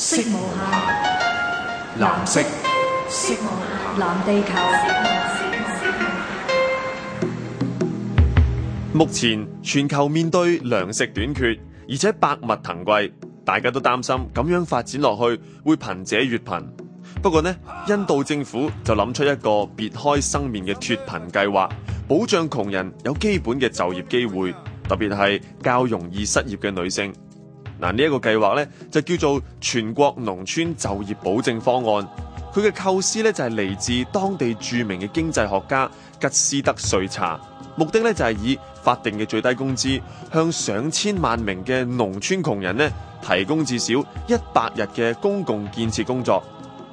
色無限，藍色。色無限，藍地球。地球目前全球面對糧食短缺，而且百物騰貴，大家都擔心咁樣發展落去會貧者越貧。不過呢，印度政府就諗出一個別開生面嘅脫貧計劃，保障窮人有基本嘅就業機會，特別係較容易失業嘅女性。嗱，呢一個計劃咧就叫做全國農村就業保證方案，佢嘅構思咧就係嚟自當地著名嘅經濟學家吉斯德瑞查，目的咧就係以法定嘅最低工資向上千萬名嘅農村窮人咧提供至少一百日嘅公共建設工作。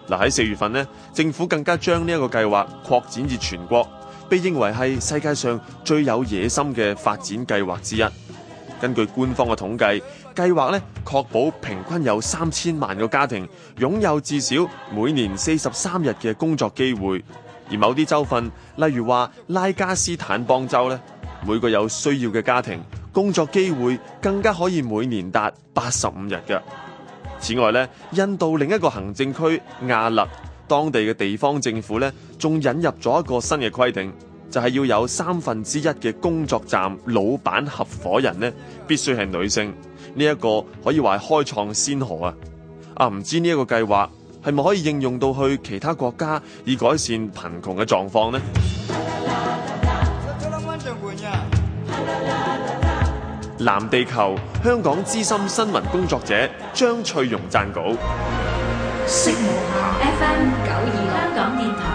嗱，喺四月份咧，政府更加將呢一個計劃擴展至全國，被認為係世界上最有野心嘅發展計劃之一。根據官方嘅統計，計劃咧確保平均有三千萬個家庭擁有至少每年四十三日嘅工作機會，而某啲州份，例如話拉加斯坦邦州咧，每個有需要嘅家庭工作機會更加可以每年達八十五日嘅。此外咧，印度另一個行政區亞勒當地嘅地方政府咧，仲引入咗一個新嘅規定。就係、是、要有三分之一嘅工作站，老闆合伙人呢必須係女性，呢、這、一個可以話係開創先河啊！啊，唔知呢一個計劃係咪可以應用到去其他國家，以改善貧窮嘅狀況呢？藍地球香港資深新聞工作者張翠容撰稿。FM 92香港電台。